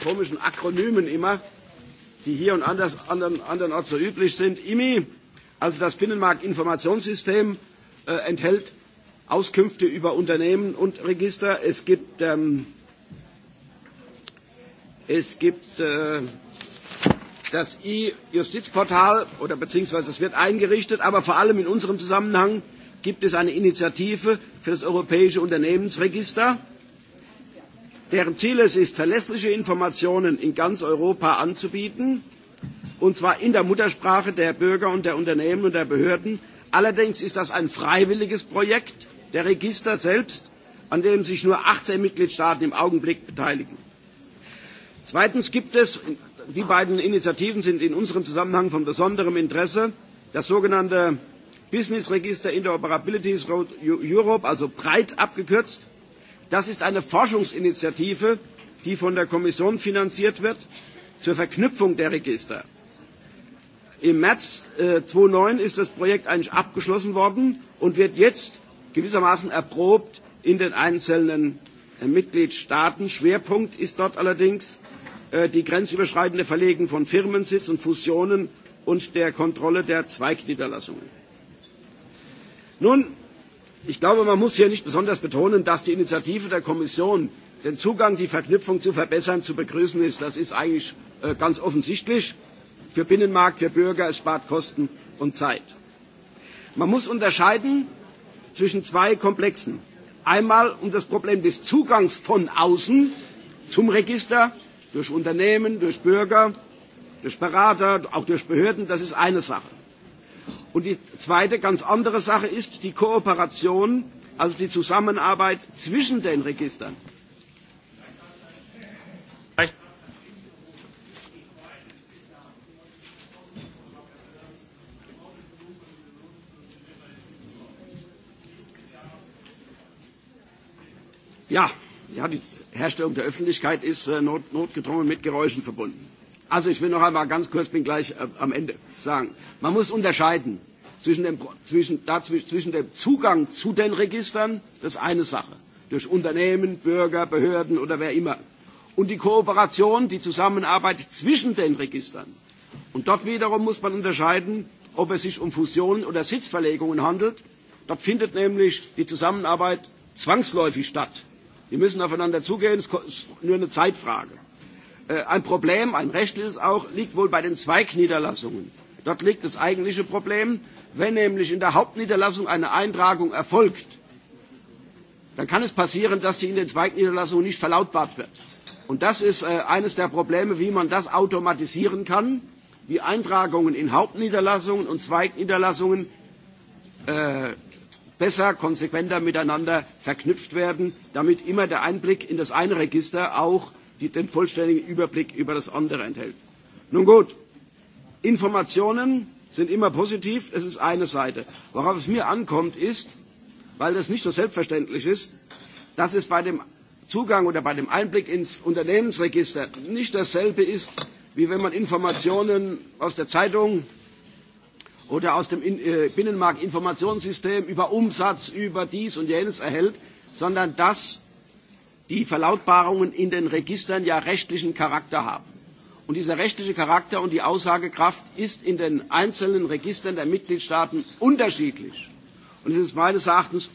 komischen Akronymen immer, die hier und anders, anderen, andernorts so üblich sind. IMI, also das Binnenmarktinformationssystem, äh, enthält Auskünfte über Unternehmen und Register. Es gibt, ähm, es gibt äh, das E-Justizportal oder beziehungsweise es wird eingerichtet, aber vor allem in unserem Zusammenhang gibt es eine Initiative für das Europäische Unternehmensregister deren Ziel es ist, verlässliche Informationen in ganz Europa anzubieten, und zwar in der Muttersprache der Bürger und der Unternehmen und der Behörden. Allerdings ist das ein freiwilliges Projekt der Register selbst, an dem sich nur achtzehn Mitgliedstaaten im Augenblick beteiligen. Zweitens gibt es, die beiden Initiativen sind in unserem Zusammenhang von besonderem Interesse, das sogenannte Business Register Interoperability Europe, also breit abgekürzt, Das ist eine Forschungsinitiative, die von der Kommission finanziert wird zur Verknüpfung der Register. Im März 2009 äh, ist das Projekt eigentlich abgeschlossen worden und wird jetzt gewissermaßen erprobt in den einzelnen äh, Mitgliedstaaten. Schwerpunkt ist dort allerdings äh, die grenzüberschreitende Verlegung von Firmensitz und Fusionen und der Kontrolle der Zweigniederlassungen. Nun ich glaube, man muss hier nicht besonders betonen, dass die Initiative der Kommission, den Zugang, die Verknüpfung zu verbessern, zu begrüßen ist. Das ist eigentlich äh, ganz offensichtlich für Binnenmarkt, für Bürger, es spart Kosten und Zeit. Man muss unterscheiden zwischen zwei Komplexen. Einmal um das Problem des Zugangs von außen zum Register durch Unternehmen, durch Bürger, durch Berater, auch durch Behörden, das ist eine Sache. Und die zweite ganz andere Sache ist die Kooperation, also die Zusammenarbeit zwischen den Registern. Ja, ja, die Herstellung der Öffentlichkeit ist äh, not, notgedrungen mit Geräuschen verbunden. Also ich will noch einmal ganz kurz, bin gleich äh, am Ende sagen, man muss unterscheiden zwischen dem, zwischen, dazwischen, zwischen dem Zugang zu den Registern, das ist eine Sache, durch Unternehmen, Bürger, Behörden oder wer immer, und die Kooperation, die Zusammenarbeit zwischen den Registern. Und dort wiederum muss man unterscheiden, ob es sich um Fusionen oder Sitzverlegungen handelt. Dort findet nämlich die Zusammenarbeit zwangsläufig statt. Wir müssen aufeinander zugehen, es ist nur eine Zeitfrage. Äh, ein Problem, ein rechtliches auch, liegt wohl bei den Zweigniederlassungen. Dort liegt das eigentliche Problem, Wenn nämlich in der Hauptniederlassung eine Eintragung erfolgt, dann kann es passieren, dass sie in den Zweigniederlassungen nicht verlautbart wird. Und das ist äh, eines der Probleme, wie man das automatisieren kann, wie Eintragungen in Hauptniederlassungen und Zweigniederlassungen äh, besser, konsequenter miteinander verknüpft werden, damit immer der Einblick in das eine Register auch die, den vollständigen Überblick über das andere enthält. Nun gut, Informationen sind immer positiv, es ist eine Seite. Worauf es mir ankommt, ist, weil das nicht so selbstverständlich ist, dass es bei dem Zugang oder bei dem Einblick ins Unternehmensregister nicht dasselbe ist, wie wenn man Informationen aus der Zeitung oder aus dem äh, Binnenmarktinformationssystem über Umsatz, über dies und jenes erhält, sondern dass die Verlautbarungen in den Registern ja rechtlichen Charakter haben. Und dieser rechtliche Charakter und die Aussagekraft ist in den einzelnen Registern der Mitgliedstaaten unterschiedlich. Und es ist meines Erachtens,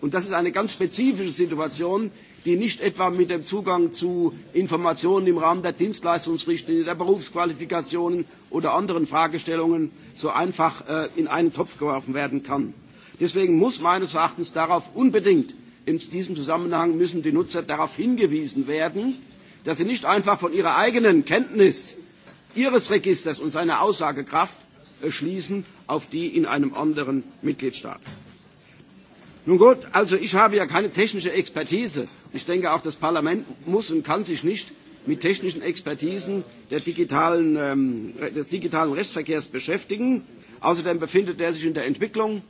und das ist eine ganz spezifische Situation, die nicht etwa mit dem Zugang zu Informationen im Rahmen der Dienstleistungsrichtlinie, der Berufsqualifikationen oder anderen Fragestellungen so einfach äh, in einen Topf geworfen werden kann. Deswegen muss meines Erachtens darauf unbedingt in diesem Zusammenhang müssen die Nutzer darauf hingewiesen werden, dass sie nicht einfach von ihrer eigenen Kenntnis ihres Registers und seiner Aussagekraft schließen auf die in einem anderen Mitgliedstaat. Nun gut, also ich habe ja keine technische Expertise. Ich denke auch, das Parlament muss und kann sich nicht mit technischen Expertisen digitalen, ähm, des digitalen Rechtsverkehrs beschäftigen. Außerdem befindet er sich in der Entwicklung.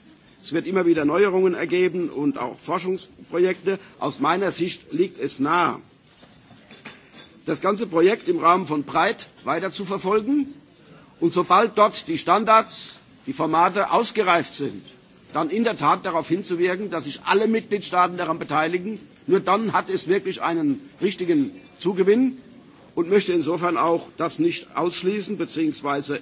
Es wird immer wieder Neuerungen ergeben und auch Forschungsprojekte. Aus meiner Sicht liegt es nahe, das ganze Projekt im Rahmen von Breit weiter zu verfolgen. Und sobald dort die Standards, die Formate ausgereift sind, dann in der Tat darauf hinzuwirken, dass sich alle Mitgliedstaaten daran beteiligen. Nur dann hat es wirklich einen richtigen Zugewinn und möchte insofern auch das nicht ausschließen bzw.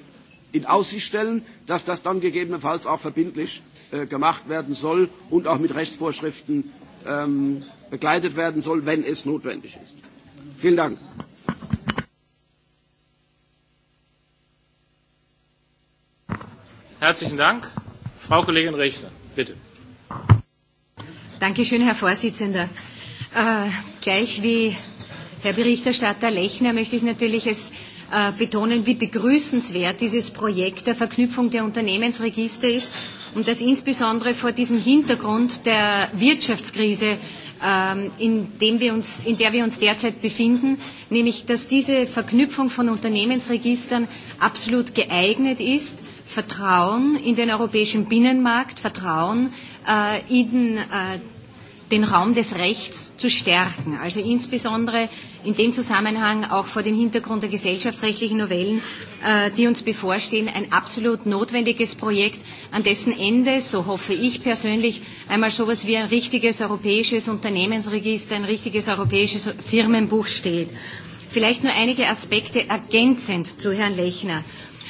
in Aussicht stellen, dass das dann gegebenenfalls auch verbindlich äh, gemacht werden soll und auch mit Rechtsvorschriften ähm, begleitet werden soll, wenn es notwendig ist. Vielen Dank. Herzlichen Dank. Frau Kollegin Rechner, bitte. Dankeschön, Herr Vorsitzender. Äh, gleich wie Herr Berichterstatter Lechner möchte ich natürlich es äh, betonen, wie begrüßenswert dieses Projekt der Verknüpfung der Unternehmensregister ist und das insbesondere vor diesem Hintergrund der Wirtschaftskrise Ähm, in, dem wir uns, in der wir uns derzeit befinden, nämlich dass diese Verknüpfung von Unternehmensregistern absolut geeignet ist, Vertrauen in den europäischen Binnenmarkt, Vertrauen äh, in äh, den Raum des Rechts zu stärken. Also insbesondere in dem Zusammenhang auch vor dem Hintergrund der gesellschaftsrechtlichen Novellen, äh, die uns bevorstehen, ein absolut notwendiges Projekt, an dessen Ende, so hoffe ich persönlich, einmal so etwas wie ein richtiges europäisches Unternehmensregister, ein richtiges europäisches Firmenbuch steht. Vielleicht nur einige Aspekte ergänzend zu Herrn Lechner.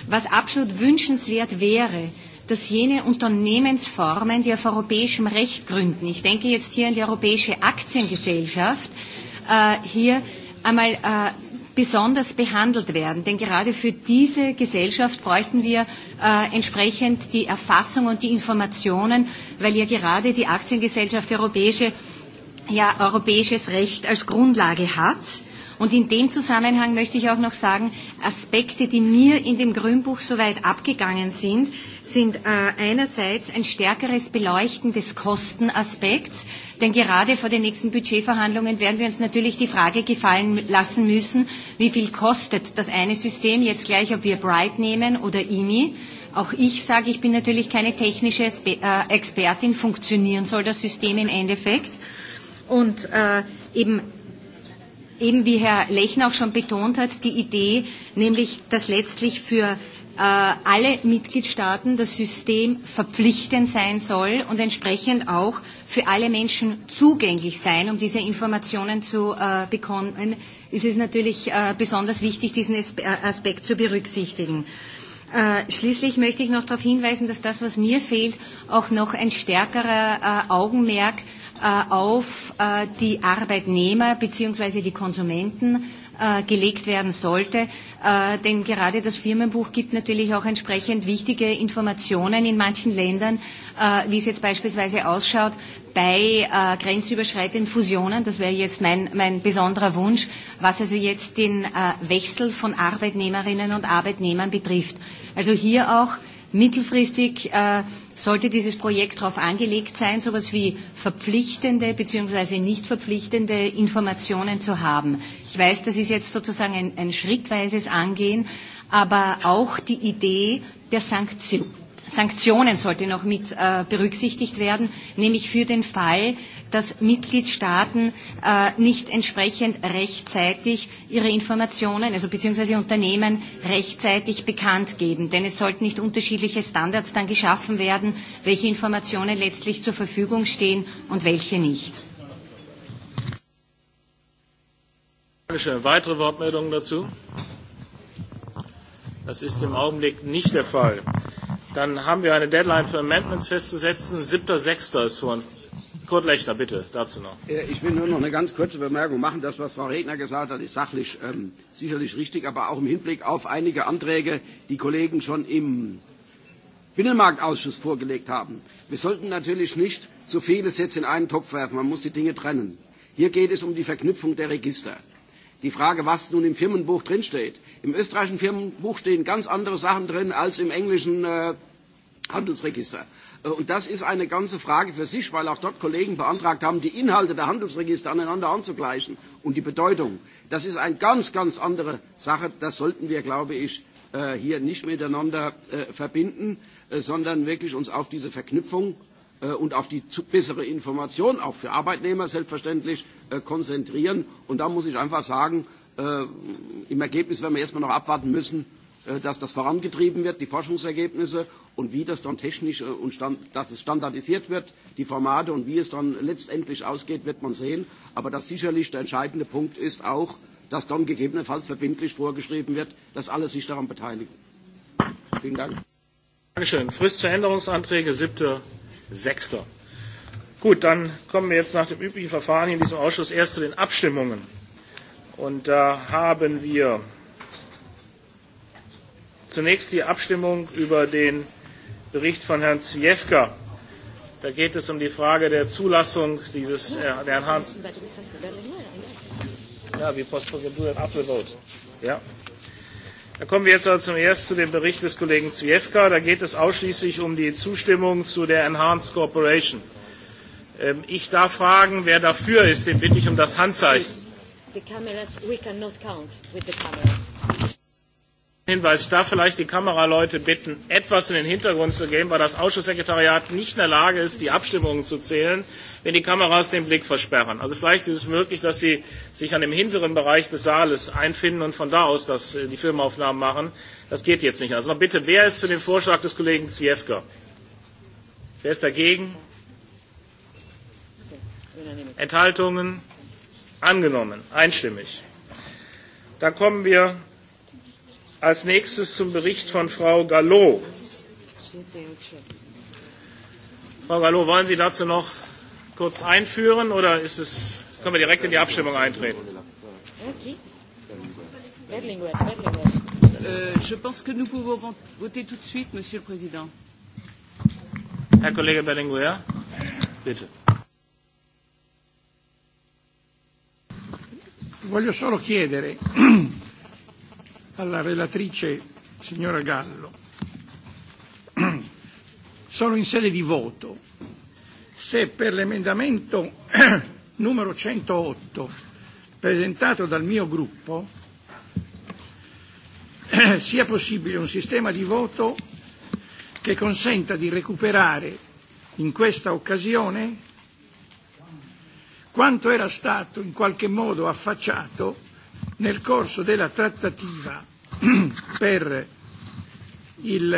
Was absolut wünschenswert wäre, dass jene Unternehmensformen, die auf europäischem Recht gründen, ich denke jetzt hier an die Europäische Aktiengesellschaft, äh, hier einmal äh, besonders behandelt werden. Denn gerade für diese Gesellschaft bräuchten wir äh, entsprechend die Erfassung und die Informationen, weil ja gerade die Aktiengesellschaft europäische, ja, europäisches Recht als Grundlage hat. Und in dem Zusammenhang möchte ich auch noch sagen, Aspekte, die mir in dem Grünbuch soweit abgegangen sind, sind äh, einerseits ein stärkeres Beleuchten des Kostenaspekts, denn gerade vor den nächsten Budgetverhandlungen werden wir uns natürlich die Frage gefallen lassen müssen, wie viel kostet das eine System jetzt gleich, ob wir Bright nehmen oder IMI. E auch ich sage, ich bin natürlich keine technische äh, Expertin, funktionieren soll das System im Endeffekt. Und äh, eben eben wie Herr Lechner auch schon betont hat, die Idee, nämlich dass letztlich für Äh, alle Mitgliedstaaten das System verpflichtend sein soll und entsprechend auch für alle Menschen zugänglich sein, um diese Informationen zu äh, bekommen, ist es natürlich äh, besonders wichtig, diesen äh, Aspekt zu berücksichtigen. Äh, schließlich möchte ich noch darauf hinweisen, dass das, was mir fehlt, auch noch ein stärkerer äh, Augenmerk auf die Arbeitnehmer bzw. die Konsumenten Äh, gelegt werden sollte. Äh, denn gerade das Firmenbuch gibt natürlich auch entsprechend wichtige Informationen in manchen Ländern, äh, wie es jetzt beispielsweise ausschaut bei grenzüberschreitenden Fusionen. Das wäre jetzt mein, mein besonderer Wunsch, was also jetzt den Wechsel von Arbeitnehmerinnen und Arbeitnehmern betrifft. Also hier auch Mittelfristig äh, sollte dieses Projekt darauf angelegt sein, so etwas wie verpflichtende bzw. nicht verpflichtende Informationen zu haben. Ich weiß, das ist jetzt sozusagen ein, ein schrittweises Angehen, aber auch die Idee der Sanktion Sanktionen sollte noch mit äh, berücksichtigt werden, nämlich für den Fall, dass Mitgliedstaaten äh, nicht entsprechend rechtzeitig ihre Informationen, also beziehungsweise Unternehmen rechtzeitig bekannt geben. Denn es sollten nicht unterschiedliche Standards dann geschaffen werden, welche Informationen letztlich zur Verfügung stehen und welche nicht. Weitere Wortmeldungen dazu? Das ist im Augenblick nicht der Fall. Dann haben wir eine Deadline für Amendments festzusetzen. 7.6. ist vor. Kurt Lechner, bitte, dazu noch. Äh, ich will nur noch eine ganz kurze Bemerkung machen. Das, was Frau Regner gesagt hat, ist sachlich ähm, sicherlich richtig, aber auch im Hinblick auf einige Anträge, die Kollegen schon im Binnenmarktausschuss vorgelegt haben. Wir sollten natürlich nicht zu so vieles jetzt in einen Topf werfen. Man muss die Dinge trennen. Hier geht es um die Verknüpfung der Register die Frage, was nun im Firmenbuch drinsteht. Im österreichischen Firmenbuch stehen ganz andere Sachen drin als im englischen äh, Handelsregister. Äh, und das ist eine ganze Frage für sich, weil auch dort Kollegen beantragt haben, die Inhalte der Handelsregister aneinander anzugleichen und die Bedeutung. Das ist eine ganz, ganz andere Sache. Das sollten wir, glaube ich, äh, hier nicht miteinander äh, verbinden, sondern wirklich uns auf diese Verknüpfung Äh, und auf die bessere Information, auch für Arbeitnehmer selbstverständlich, äh, konzentrieren. Und da muss ich einfach sagen, äh, im Ergebnis werden wir erstmal noch abwarten müssen, dass das vorangetrieben wird, die Forschungsergebnisse und wie das dann technisch und stand, dass es standardisiert wird, die Formate und wie es dann letztendlich ausgeht, wird man sehen. Aber das sicherlich der entscheidende Punkt ist auch, dass dann gegebenenfalls verbindlich vorgeschrieben wird, dass alle sich daran beteiligen. Vielen Dank. Dankeschön. Frist für Änderungsanträge Sechster. Gut, dann kommen wir jetzt nach dem üblichen Verfahren in diesem Ausschuss erst zu den Abstimmungen. Und da haben wir zunächst die Abstimmung über den Bericht von Herrn Zwiefka. Da geht es um die Frage der Zulassung dieses äh, Herrn Hans. Ja, wir postulieren we'll do Da kommen wir jetzt also zuerst zu dem Bericht des Kollegen Zwiefka. Da geht es ausschließlich um die Zustimmung zu der Enhanced Cooperation. Ähm, ich darf fragen, wer dafür ist, den bitte ich um das Handzeichen. Please. The cameras, we cannot count with the cameras. Hinweis, ich darf vielleicht die Kameraleute bitten, etwas in den Hintergrund zu gehen, weil das Ausschusssekretariat nicht in der Lage ist, die Abstimmungen zu zählen, wenn die Kameras den Blick versperren. Also vielleicht ist es möglich, dass sie sich an dem hinteren Bereich des Saales einfinden und von da aus das, äh, die Filmaufnahmen machen. Das geht jetzt nicht. Also noch bitte, wer ist für den Vorschlag des Kollegen Zwiefka? Wer ist dagegen? Enthaltungen? Angenommen. Einstimmig. Dann kommen wir Als nächstes zum Bericht von Frau Gallo. Frau Gallo, wollen Sie dazu noch kurz einführen oder ist es, können wir direkt in die Abstimmung eintreten? Euh, Herr Kollege Berlinguer, bitte. Voglio solo chiedere alla relatrice signora Gallo. Sono in sede di voto se per l'emendamento numero 108 presentato dal mio gruppo sia possibile un sistema di voto che consenta di recuperare in questa occasione quanto era stato in qualche modo affacciato nel corso della trattativa per, il,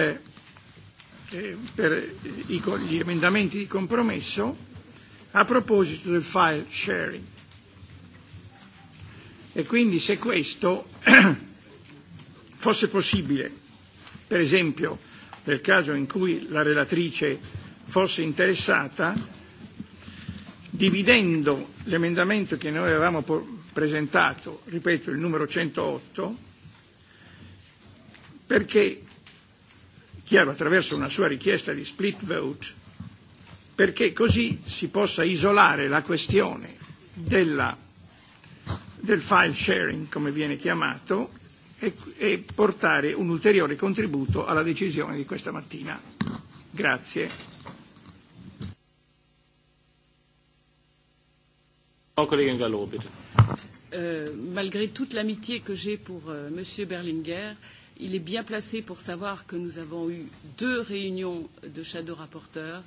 eh, per i, gli emendamenti di compromesso a proposito del file sharing. E quindi se questo fosse possibile, per esempio nel caso in cui la relatrice fosse interessata, dividendo l'emendamento che noi avevamo presentato, ripeto, il numero 108, perché, chiaro, attraverso una sua richiesta di split vote, perché così si possa isolare la questione della, del file sharing, come viene chiamato, e, e portare un ulteriore contributo alla decisione di questa mattina. Grazie. Frau Kollegin Gallo, Euh, malgré toute l'amitié que j'ai pour euh, M. Berlinguer, il est bien placé pour savoir que nous avons eu deux réunions de shadow rapporteurs,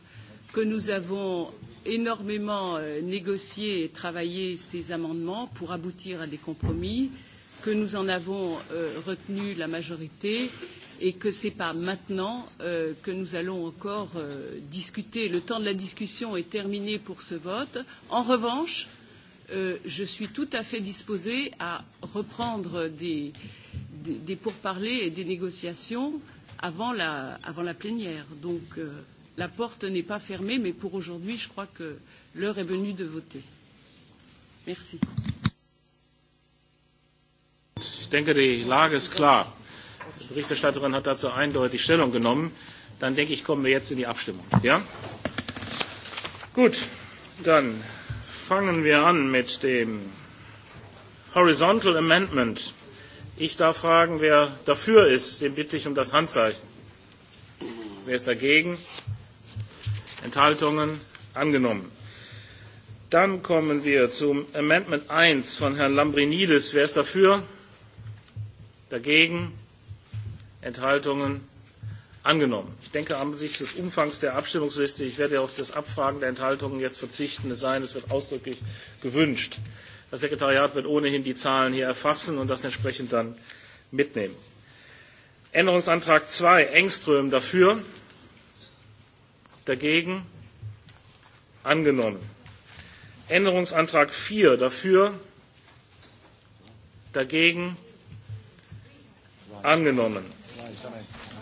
que nous avons énormément euh, négocié et travaillé ces amendements pour aboutir à des compromis, que nous en avons euh, retenu la majorité et que ce n'est pas maintenant euh, que nous allons encore euh, discuter. Le temps de la discussion est terminé pour ce vote. En revanche, Euh, je suis tout à fait disposée à reprendre des, des, des pourparlers et des négociations avant la, avant la plénière. Donc euh, la porte n'est pas fermée, mais pour aujourd'hui, je crois que l'heure est venue de voter. Merci. Ich denke, die Lage ist klar. Die Berichterstatterin hat dazu eindeutig Stellung genommen. Dann denke ich, kommen wir jetzt in die Abstimmung. Ja? Gut, dann fangen wir an mit dem Horizontal Amendment. Ich darf fragen, wer dafür ist, den bitte ich um das Handzeichen. Wer ist dagegen? Enthaltungen? Angenommen. Dann kommen wir zum Amendment 1 von Herrn Lambrinidis. Wer ist dafür? Dagegen? Enthaltungen? angenommen. Ich denke, angesichts des Umfangs der Abstimmungsliste, ich werde auf das Abfragen der Enthaltungen jetzt verzichten, es sei denn, es wird ausdrücklich gewünscht. Das Sekretariat wird ohnehin die Zahlen hier erfassen und das entsprechend dann mitnehmen. Änderungsantrag 2, Engström dafür, dagegen, angenommen. Änderungsantrag 4 dafür, dagegen, angenommen.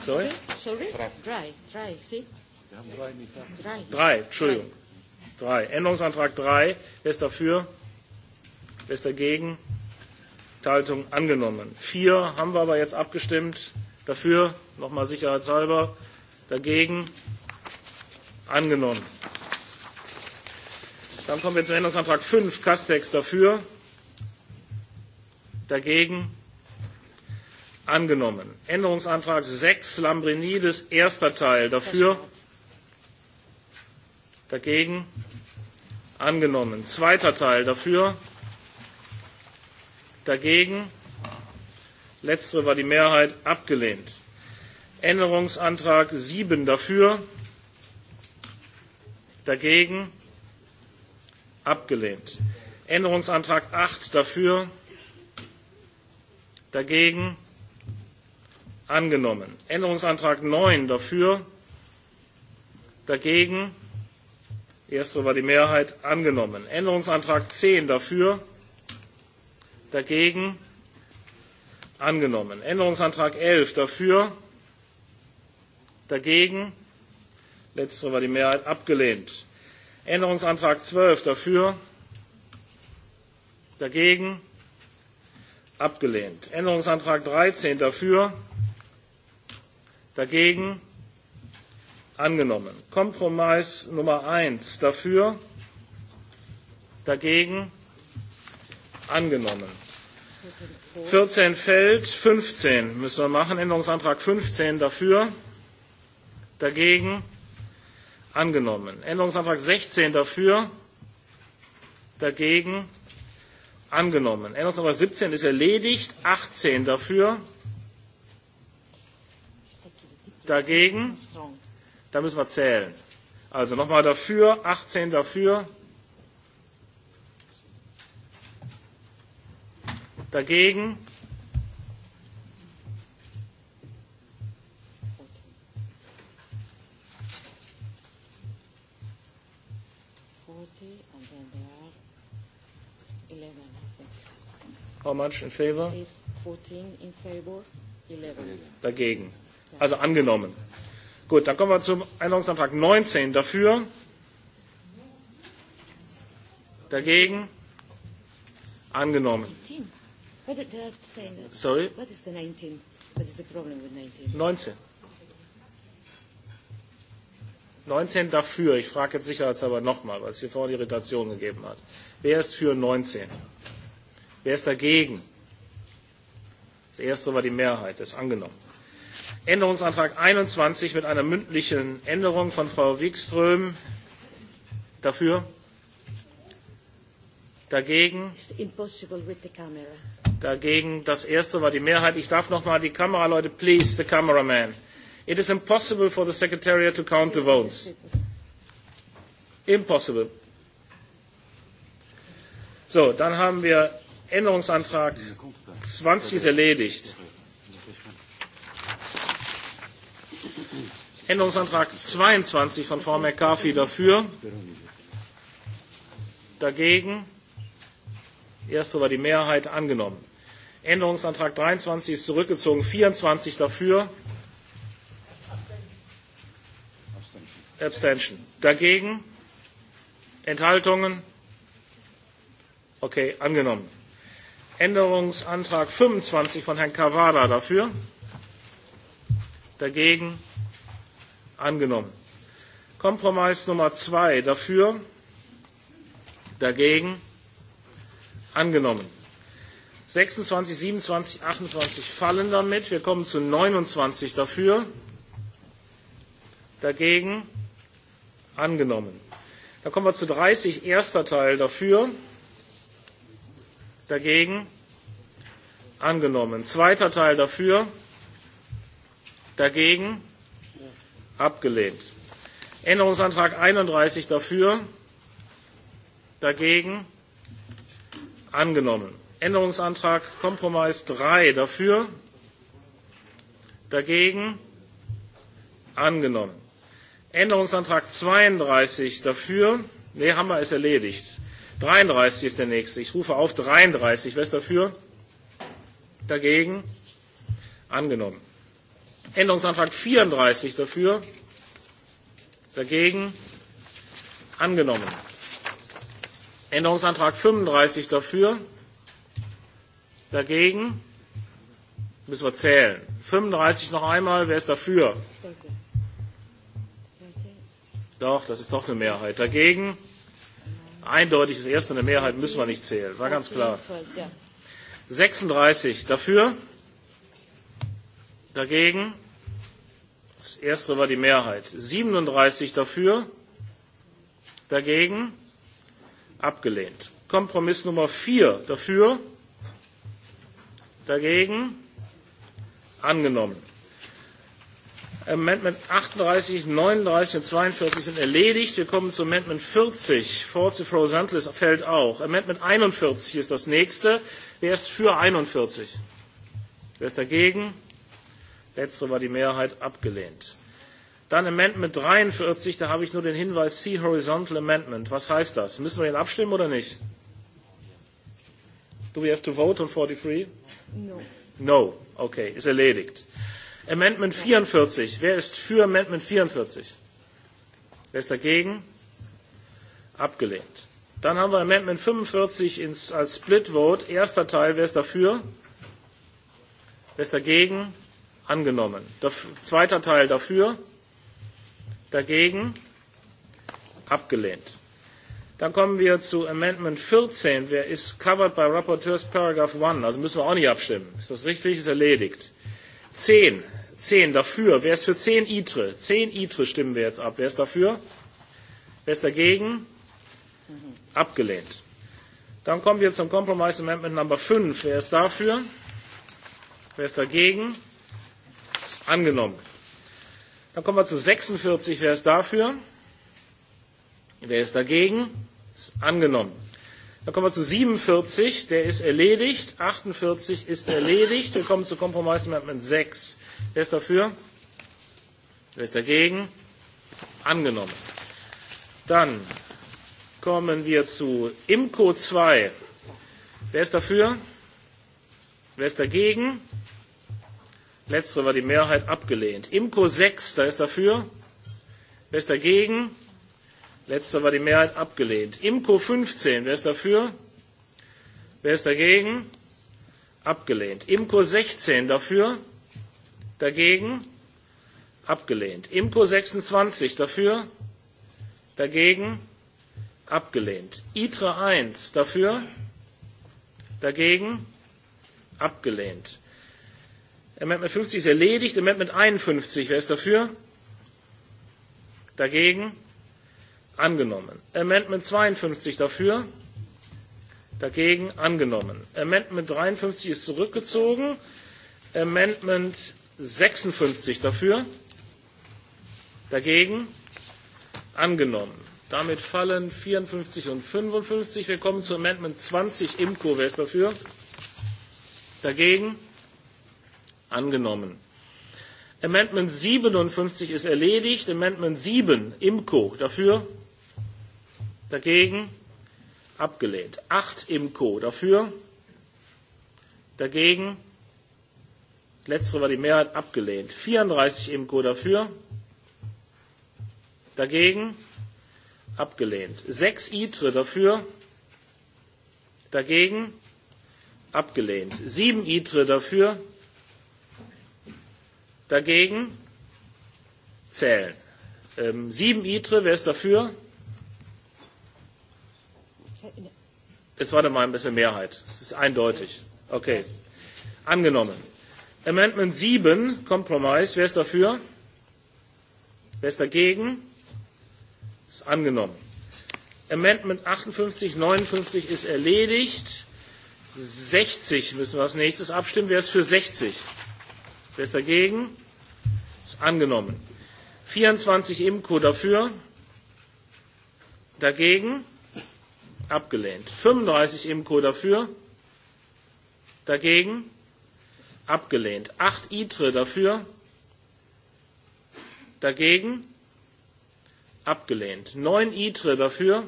Sorry? Sorry? Drei. Drei, drei, Wir haben drei nicht Drei. Drei, Entschuldigung. Drei. Änderungsantrag drei. Wer ist dafür? Wer ist dagegen? Enthaltung angenommen. Vier haben wir aber jetzt abgestimmt. Dafür, nochmal sicherheitshalber. Dagegen? Angenommen. Dann kommen wir zum Änderungsantrag fünf. Kastex dafür. Dagegen? angenommen. Änderungsantrag 6, Lambrinidis, erster Teil. Dafür? Dagegen? Angenommen. Zweiter Teil. Dafür? Dagegen? Letztere war die Mehrheit abgelehnt. Änderungsantrag 7 dafür, dagegen abgelehnt. Änderungsantrag 8 dafür, dagegen angenommen. Änderungsantrag 9 dafür, dagegen, erstere war die Mehrheit angenommen. Änderungsantrag 10 dafür, dagegen, angenommen. Änderungsantrag 11 dafür, dagegen, letztere war die Mehrheit abgelehnt. Änderungsantrag 12 dafür, dagegen, abgelehnt. Änderungsantrag 13 dafür, Dagegen angenommen. Kompromiss Nummer eins dafür, dagegen angenommen. 14 fällt, 15 müssen wir machen. Änderungsantrag 15 dafür, dagegen angenommen. Änderungsantrag 16 dafür, dagegen angenommen. Änderungsantrag 17 ist erledigt, 18 dafür, Dagegen? Da müssen wir zählen. Also nochmal dafür, 18 dafür. Dagegen? How much in favor? Is 14 in favor, 11. Dagegen. Also angenommen. Gut, dann kommen wir zum Änderungsantrag 19. Dafür? Dagegen? Angenommen. Sorry? What is the 19? What is the problem with 19? dafür. Ich frage jetzt sicherheitshalber nochmal, weil es hier vorne Irritation gegeben hat. Wer ist für 19? Wer ist dagegen? Das erste war die Mehrheit. Das ist angenommen. Änderungsantrag 21 mit einer mündlichen Änderung von Frau Wikström. Dafür? Dagegen? Dagegen. Das erste war die Mehrheit. Ich darf noch mal die Kameraleute, please, the cameraman. It is impossible for the secretariat to count the votes. Impossible. So, dann haben wir Änderungsantrag 20 ist erledigt. Änderungsantrag 22 von Frau McCarthy dafür. Dagegen. Erste war die Mehrheit angenommen. Änderungsantrag 23 ist zurückgezogen. 24 dafür. Abstention. Dagegen? Enthaltungen? Okay, angenommen. Änderungsantrag 25 von Herrn Cavada dafür. Dagegen? angenommen. Kompromiss Nummer zwei dafür, dagegen angenommen. 26, 27, 28 fallen damit. Wir kommen zu 29 dafür, dagegen angenommen. Dann kommen wir zu 30, erster Teil dafür, dagegen angenommen. Zweiter Teil dafür, dagegen angenommen abgelehnt. Änderungsantrag 31 dafür, dagegen angenommen. Änderungsantrag Kompromiss 3 dafür, dagegen angenommen. Änderungsantrag 32 dafür, nee, haben wir es erledigt. 33 ist der nächste. Ich rufe auf 33. Wer ist dafür? Dagegen? Angenommen. Änderungsantrag 34 dafür, dagegen angenommen. Änderungsantrag 35 dafür, dagegen müssen wir zählen. 35 noch einmal, wer ist dafür? Doch, das ist doch eine Mehrheit. Dagegen eindeutig ist erst eine Mehrheit, müssen wir nicht zählen. War ganz klar. 36 dafür, dagegen Das erste war die Mehrheit. 37 dafür, dagegen, abgelehnt. Kompromiss Nummer 4 dafür, dagegen, angenommen. Amendment 38, 39 und 42 sind erledigt. Wir kommen zu Amendment 40. Forza Frosantis fällt auch. Amendment 41 ist das nächste. Wer ist für 41? Wer ist dagegen? Letztere war die Mehrheit abgelehnt. Dann Amendment 43, da habe ich nur den Hinweis See Horizontal Amendment. Was heißt das? Müssen wir ihn abstimmen oder nicht? Do we have to vote on 43? No. No. Okay, ist erledigt. Amendment 44. Wer ist für Amendment 44? Wer ist dagegen? Abgelehnt. Dann haben wir Amendment 45 ins, als Split Vote. Erster Teil. Wer ist dafür? Wer ist dagegen? angenommen. Der zweiter Teil dafür, dagegen abgelehnt. Dann kommen wir zu Amendment 14. Wer ist covered by Rapporteurs Paragraph 1? Also müssen wir auch nicht abstimmen. Ist das richtig? Ist erledigt. 10. 10 dafür. Wer ist für 10 ITRE? 10 ITRE stimmen wir jetzt ab. Wer ist dafür? Wer ist dagegen? Abgelehnt. Dann kommen wir zum Compromise Amendment Number 5. Wer ist dafür? Wer ist dagegen? Ist angenommen. Dann kommen wir zu 46. Wer ist dafür? Wer ist dagegen? Ist angenommen. Dann kommen wir zu 47. Der ist erledigt. 48 ist erledigt. Wir kommen zu Kompromiss Amendment 6. Wer ist dafür? Wer ist dagegen? Angenommen. Dann kommen wir zu IMCO 2. Wer ist dafür? Wer ist dagegen? Letztere war die Mehrheit abgelehnt. Imco 6, da ist dafür. Er wer ist dagegen? Letztere war die Mehrheit abgelehnt. Imco 15, wer ist dafür? Wer ist dagegen? Abgelehnt. Imco 16, dafür? Dagegen? Abgelehnt. Imco 26, dafür? Dagegen? Abgelehnt. ITRE 1, dafür? Dagegen? Abgelehnt. Amendment 50 ist erledigt. Amendment 51, wer ist dafür? Dagegen? Angenommen. Amendment 52 dafür? Dagegen? Angenommen. Amendment 53 ist zurückgezogen. Amendment 56 dafür? Dagegen? Angenommen. Damit fallen 54 und 55. Wir kommen zu Amendment 20. Imco, wer ist dafür? Dagegen? angenommen. Amendment 57 ist erledigt. Amendment 7, Imco, dafür, dagegen, abgelehnt. 8 Imco, dafür, dagegen, letztere war die Mehrheit abgelehnt. 34 Imco, dafür, dagegen, abgelehnt. 6 ITRE, dafür, dagegen, abgelehnt. 7 ITRE, dafür, dagegen, Dagegen? Zählen. Ähm, ITRE, wer ist dafür? Es war da mal ein bisschen Mehrheit. Das ist eindeutig. Okay. Angenommen. Amendment 7, Kompromiss, wer ist dafür? Wer ist dagegen? Ist angenommen. Amendment 58, 59 ist erledigt. 60 müssen wir als nächstes abstimmen. Wer ist für 60? Wer ist dagegen? Ist angenommen. 24 Imco dafür. Dagegen? Abgelehnt. 35 Imco dafür. Dagegen? Abgelehnt. 8 Itre dafür. Dagegen? Abgelehnt. 9 Itre dafür.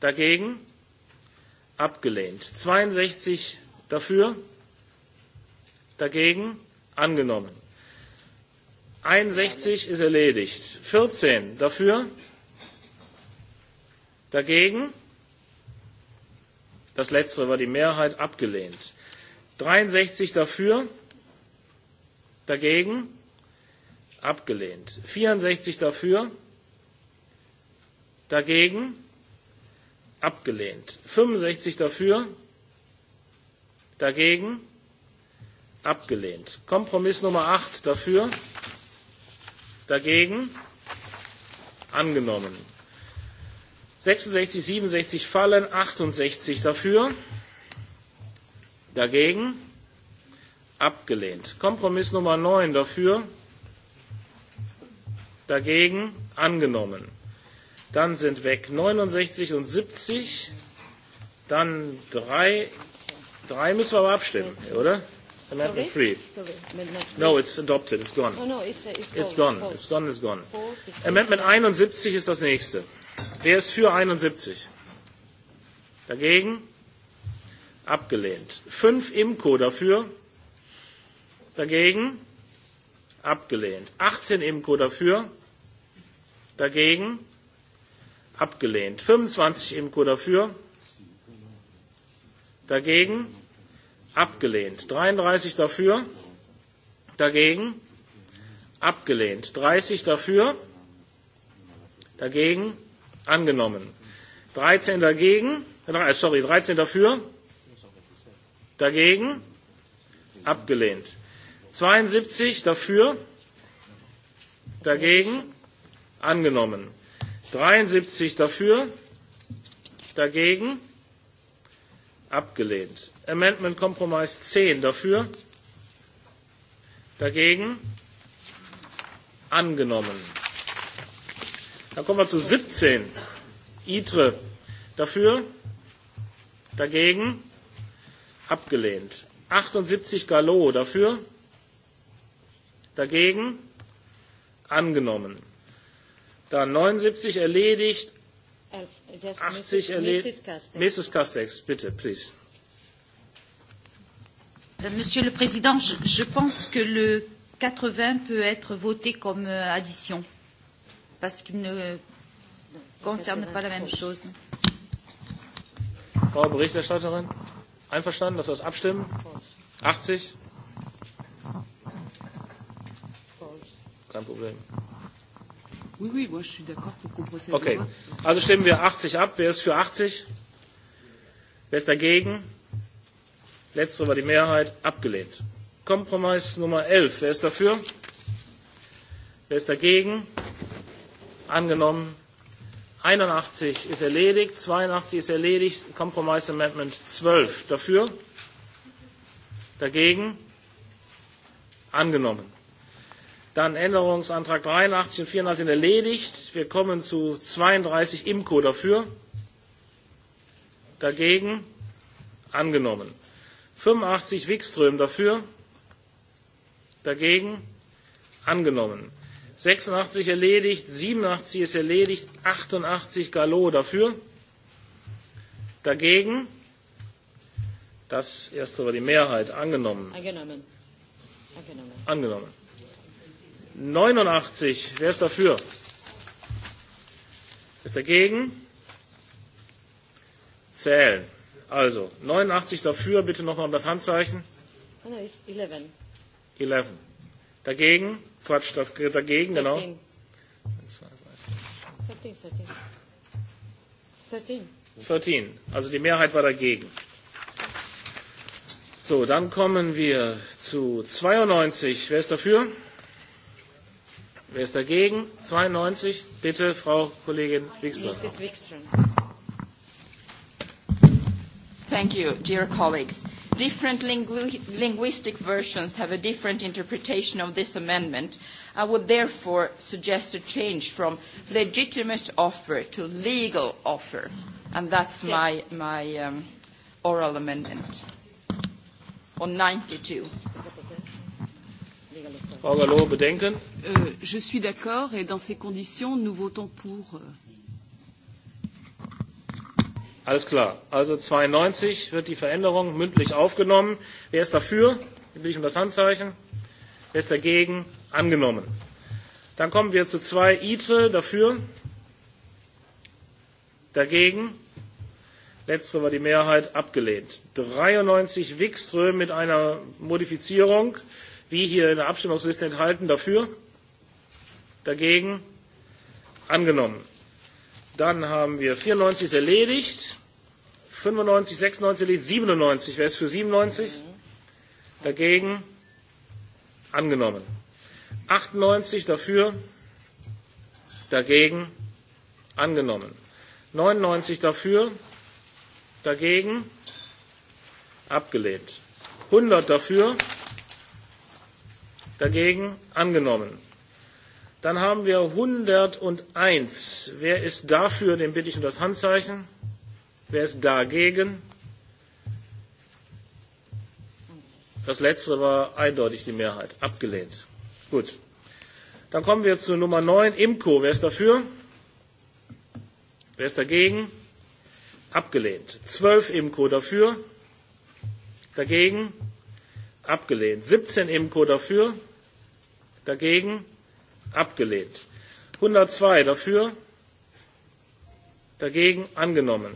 Dagegen? Abgelehnt. 62 dafür. Dagegen? Angenommen. 61 ist erledigt. 14 dafür? Dagegen? Das letztere war die Mehrheit abgelehnt. 63 dafür? Dagegen? Abgelehnt. 64 dafür? Dagegen? Abgelehnt. 65 dafür? Dagegen? abgelehnt. Kompromiss Nummer acht dafür, dagegen angenommen. 66, 67 fallen, 68 dafür, dagegen abgelehnt. Kompromiss Nummer neun dafür, dagegen angenommen. Dann sind weg 69 und 70, dann drei, drei müssen wir aber abstimmen, oder? Amendment Sorry? three. Sorry. No, it's adopted. It's gone. No, no, it's, it's, it's gone. False. Oh. It's gone. It's gone. It's gone. Amendment 71 ist das nächste. Wer ist für 71? Dagegen? Abgelehnt. Fünf Imco dafür. Dagegen? Abgelehnt. 18 Imco dafür. Dagegen? Abgelehnt. 25 Imco dafür. Dagegen? abgelehnt. 33 dafür, dagegen, abgelehnt. 30 dafür, dagegen, angenommen. 13 dagegen, äh, sorry, 13 dafür, dagegen, abgelehnt. 72 dafür, dagegen, angenommen. 73 dafür, dagegen, abgelehnt. Amendment Compromise 10 dafür, dagegen angenommen. Dann kommen wir zu 17. ITRE dafür, dagegen abgelehnt. 78 Gallo dafür, dagegen angenommen. Dann 79 erledigt, 80 erledigt. Mrs. Castex, bitte, please. Euh, Monsieur le Président, je, je pense que le 80 peut être voté comme euh, addition parce qu'il ne concerne pas la même chose. Frau Berichterstatterin, einverstanden, dass wir das abstimmen? 80? Kein Problem. Okay, also stimmen wir 80 ab. Wer ist für 80? Wer ist dagegen? Letztere war die Mehrheit abgelehnt. Kompromiss Nummer 11. Wer ist dafür? Wer ist dagegen? Angenommen. 81 ist erledigt, 82 ist erledigt, Kompromiss Amendment 12 dafür, dagegen angenommen. Dann Änderungsantrag 83 und 84 sind erledigt. Wir kommen zu 32 Imco dafür, dagegen angenommen. 85 Wikström dafür, dagegen angenommen. 86 erledigt, 87 ist erledigt, 88 Gallo dafür, dagegen. Das erste war die Mehrheit angenommen. Angenommen. Angenommen. angenommen. 89, wer ist dafür? Ist dagegen? Zählen. Also, 89 dafür, bitte nochmal um das Handzeichen. Oh, no, 11. 11. Dagegen? Quatsch, dagegen, 13. genau. 13, 13. 13. Also die Mehrheit war dagegen. So, dann kommen wir zu 92. Wer ist dafür? Wer ist dagegen? 92. Bitte, Frau Kollegin Wikström. Thank you, dear colleagues. Different lingu linguistic versions have a different interpretation of this amendment. I would therefore suggest a change from legitimate offer to legal offer. And that's yes. my, my um, oral amendment on 92. Frau euh, je suis d'accord et dans ces conditions, nous votons pour. Euh Alles klar. Also 92 wird die Veränderung mündlich aufgenommen. Wer ist dafür? Ich bitte ich um das Handzeichen. Wer ist dagegen? Angenommen. Dann kommen wir zu 2 ITRE. Dafür? Dagegen? Letztere war die Mehrheit abgelehnt. 93 Wikström mit einer Modifizierung, wie hier in der Abstimmungsliste enthalten. Dafür? Dagegen? Angenommen. Dann haben wir 94 ist erledigt. 95, 96 erledigt. 97, wer ist für 97? Dagegen? Angenommen. 98 dafür? Dagegen? Angenommen. 99 dafür? Dagegen? Abgelehnt. 100 dafür? Dagegen? Angenommen. Dann haben wir 101. Wer ist dafür? Den bitte ich um das Handzeichen. Wer ist dagegen? Das letztere war eindeutig die Mehrheit. Abgelehnt. Gut. Dann kommen wir zu Nummer 9. Imco. Wer ist dafür? Wer ist dagegen? Abgelehnt. 12 Imco dafür. Dagegen? Abgelehnt. 17 Imco dafür. Dagegen? abgelehnt. 102 dafür, dagegen angenommen.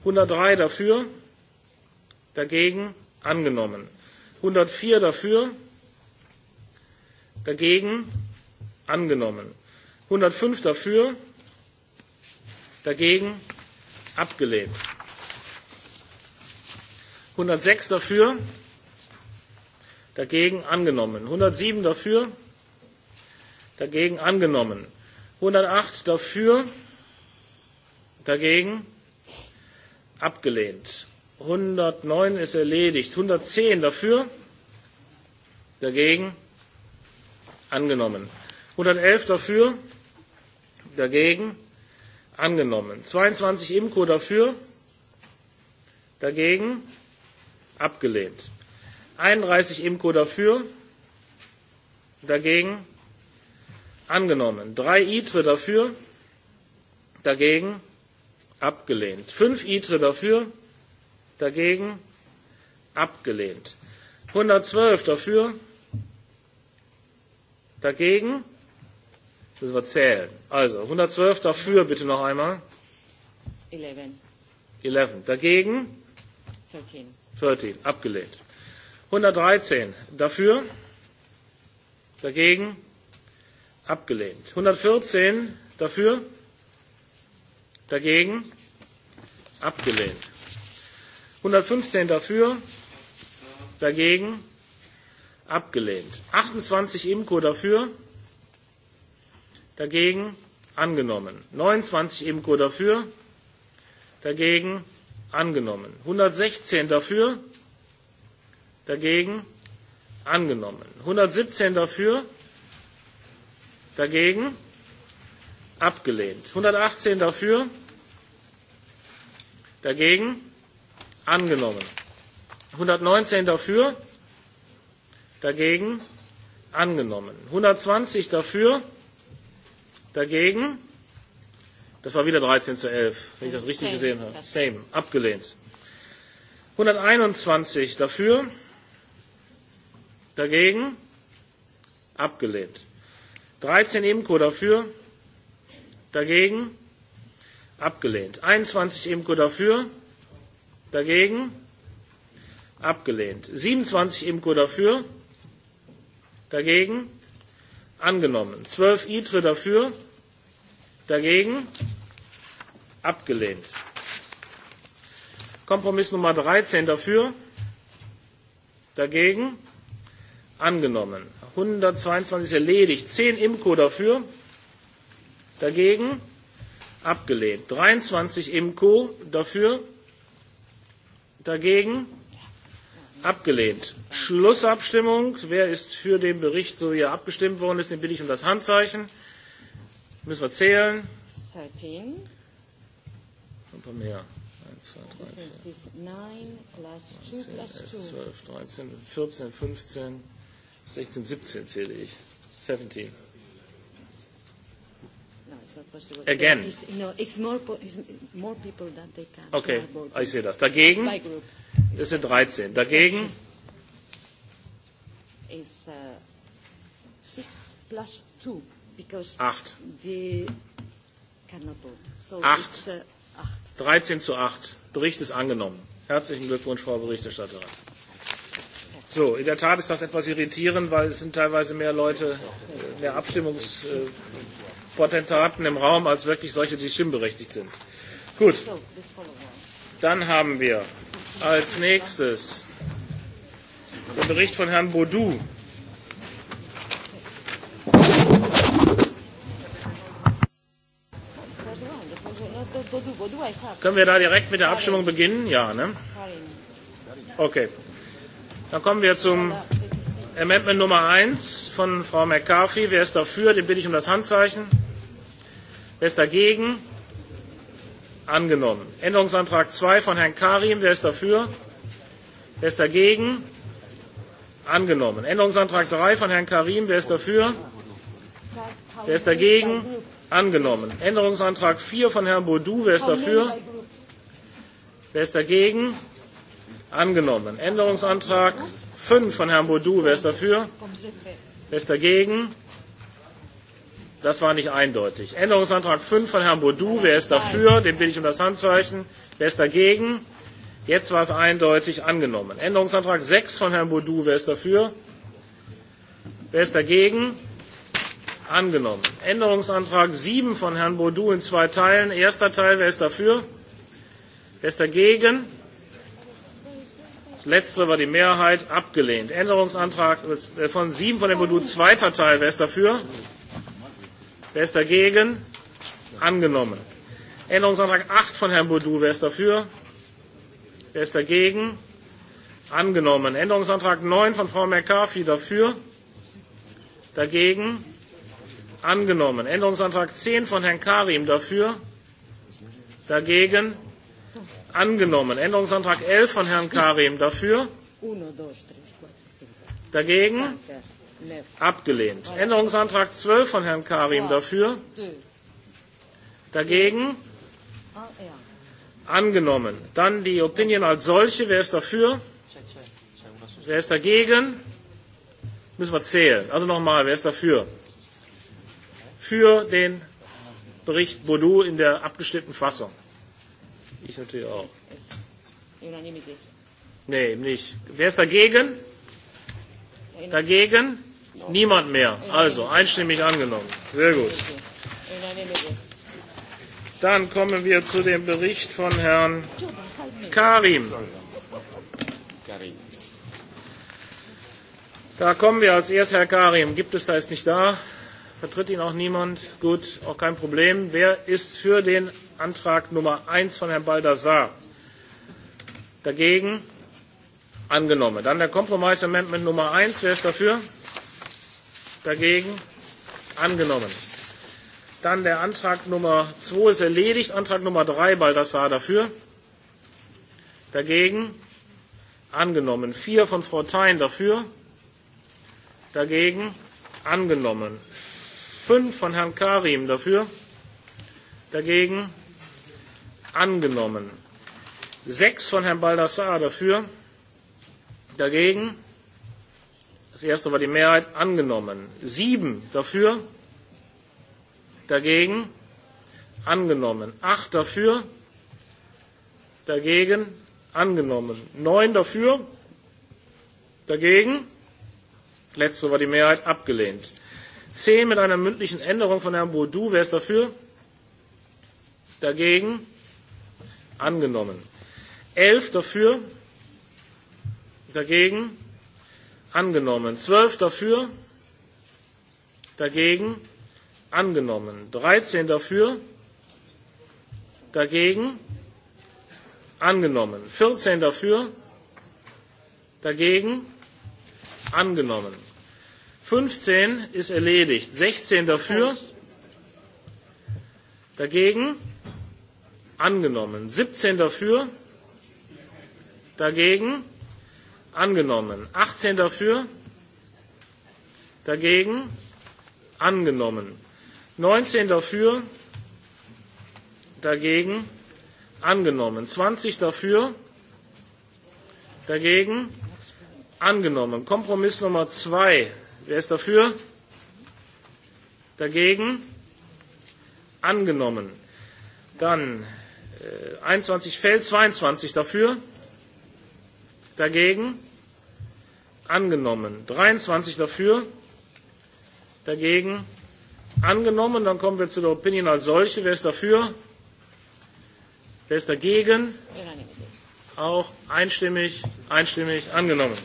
103 dafür, dagegen angenommen. 104 dafür, dagegen angenommen. 105 dafür, dagegen abgelehnt. 106 dafür, dagegen angenommen. 107 dafür, dagegen angenommen. 108 dafür, dagegen abgelehnt. 109 ist erledigt. 110 dafür, dagegen angenommen. 111 dafür, dagegen angenommen. 22 Imko dafür, dagegen abgelehnt. 31 Imko dafür, dagegen angenommen. Drei ITRE dafür, dagegen abgelehnt. Fünf ITRE dafür, dagegen abgelehnt. 112 dafür, dagegen müssen wir zählen. Also 112 dafür bitte noch einmal. 11. 11. Dagegen? 13. 13. Abgelehnt. 113 dafür, dagegen abgelehnt. 114 dafür, dagegen, abgelehnt. 115 dafür, dagegen, abgelehnt. 28 Imko dafür, dagegen, angenommen. 29 Imko dafür, dagegen, angenommen. 116 dafür, dagegen, angenommen. 117 dafür, Dagegen? Abgelehnt. 118 dafür? Dagegen? Angenommen. 119 dafür? Dagegen? Angenommen. 120 dafür? Dagegen? Das war wieder 13 zu 11, wenn ich das richtig Same. gesehen habe. Same. Abgelehnt. 121 dafür? Dagegen? Abgelehnt. 13 Imko dafür, dagegen, abgelehnt. 21 Imko dafür, dagegen, abgelehnt. 27 Imko dafür, dagegen, angenommen. 12 Itre dafür, dagegen, abgelehnt. Kompromiss Nummer 13 dafür, dagegen, abgelehnt angenommen. 122 erledigt. 10 Imko dafür. Dagegen abgelehnt. 23 Imko dafür. Dagegen abgelehnt. Schlussabstimmung. Wer ist für den Bericht, so wie er abgestimmt worden ist? Den bitte ich um das Handzeichen. Müssen wir zählen. 13. Ein paar mehr. 1, 2, 3, 4, 11, 12, 13, 14, 15. 16, 17 zähle ich. 17. No, Again. Okay, ich sehe das. Dagegen? Das sind 13. Dagegen? Is, uh, six plus acht. acht. 13 uh, zu 8. Bericht ist angenommen. Herzlichen Glückwunsch, Frau Berichterstatterin. So, in der Tat ist das etwas irritierend, weil es sind teilweise mehr Leute, äh, mehr Abstimmungspotentaten im Raum, als wirklich solche, die stimmberechtigt sind. Gut. Dann haben wir als nächstes den Bericht von Herrn Baudou. Können wir da direkt mit der Abstimmung beginnen? Ja, ne? Okay. Dann kommen wir zum Amendment Nummer 1 von Frau McCarthy. Wer ist dafür? Den bitte ich um das Handzeichen. Wer ist dagegen? Angenommen. Änderungsantrag 2 von Herrn Karim. Wer ist dafür? Wer ist dagegen? Angenommen. Änderungsantrag 3 von Herrn Karim. Wer ist dafür? Wer ist dagegen? Angenommen. Änderungsantrag 4 von Herrn Baudou. Wer ist dafür? Wer ist dagegen? Angenommen. Änderungsantrag 5 von Herrn Baudou. Wer ist dafür? Wer ist dagegen? Das war nicht eindeutig. Änderungsantrag 5 von Herrn Baudou. Wer ist dafür? Den bitte ich um das Handzeichen. Wer ist dagegen? Jetzt war es eindeutig angenommen. Änderungsantrag 6 von Herrn Baudou. Wer ist dafür? Wer ist dagegen? Angenommen. Änderungsantrag 7 von Herrn Baudou in zwei Teilen. Erster Teil. Wer ist dafür? Wer ist dagegen? Das letztere war die Mehrheit abgelehnt. Änderungsantrag von sieben von dem Modul zweiter Teil. Wer ist dafür? Wer ist dagegen? Angenommen. Änderungsantrag acht von Herrn Bodu. Wer ist dafür? Wer ist dagegen? Angenommen. Änderungsantrag neun von Frau McCarthy. Dafür? Dagegen? Angenommen. Änderungsantrag zehn von Herrn Karim. Dafür? Dagegen? angenommen. Änderungsantrag 11 von Herrn Karim dafür. Dagegen? Abgelehnt. Änderungsantrag 12 von Herrn Karim dafür. Dagegen? Ah, angenommen. Dann die Opinion als solche. Wer ist dafür? Wer ist dagegen? Müssen wir zählen. Also nochmal, wer ist dafür? Für den Bericht Baudou in der abgestimmten Fassung. Ich natürlich auch. Nee, nicht. Wer ist dagegen? Dagegen? No. Niemand mehr. Also, einstimmig angenommen. Sehr gut. Dann kommen wir zu dem Bericht von Herrn Karim. Da kommen wir als erstes, Herr Karim. Gibt es da ist nicht da? Vertritt ihn auch niemand? Gut, auch kein Problem. Wer ist für den Antrag Nummer eins von Herrn Baldassar. Dagegen? Angenommen. Dann der Kompromiss Amendment Nummer eins. Wer ist dafür? Dagegen? Angenommen. Dann der Antrag Nummer zwei ist erledigt. Antrag Nummer drei Baldassar dafür. Dagegen? Angenommen. Vier von Frau Thein dafür. Dagegen? Angenommen. Fünf von Herrn Karim dafür. Dagegen? angenommen. Sechs von Herrn Baldassar dafür, dagegen. Das erste war die Mehrheit angenommen. Sieben dafür, dagegen angenommen. Acht dafür, dagegen angenommen. Neun dafür, dagegen. Letzte war die Mehrheit abgelehnt. Zehn mit einer mündlichen Änderung von Herrn Baudou. Wer ist dafür? Dagegen angenommen. Elf dafür, dagegen, angenommen. Zwölf dafür, dagegen, angenommen. Dreizehn dafür, dagegen, angenommen. Vierzehn dafür, dagegen, angenommen. Fünfzehn ist erledigt. Sechzehn dafür, dagegen, angenommen. 17 dafür, dagegen, angenommen. 18 dafür, dagegen, angenommen. 19 dafür, dagegen, angenommen. 20 dafür, dagegen, angenommen. Kompromiss Nummer 2. Wer ist dafür? Dagegen, angenommen. Dann Äh, einundzwanzig fällt, zweiundzwanzig dafür, dagegen, angenommen. Dreiundzwanzig dafür, dagegen, angenommen. Dann kommen wir zu der Opinion als solche. Wer ist dafür? Wer ist dagegen? Auch einstimmig, einstimmig angenommen.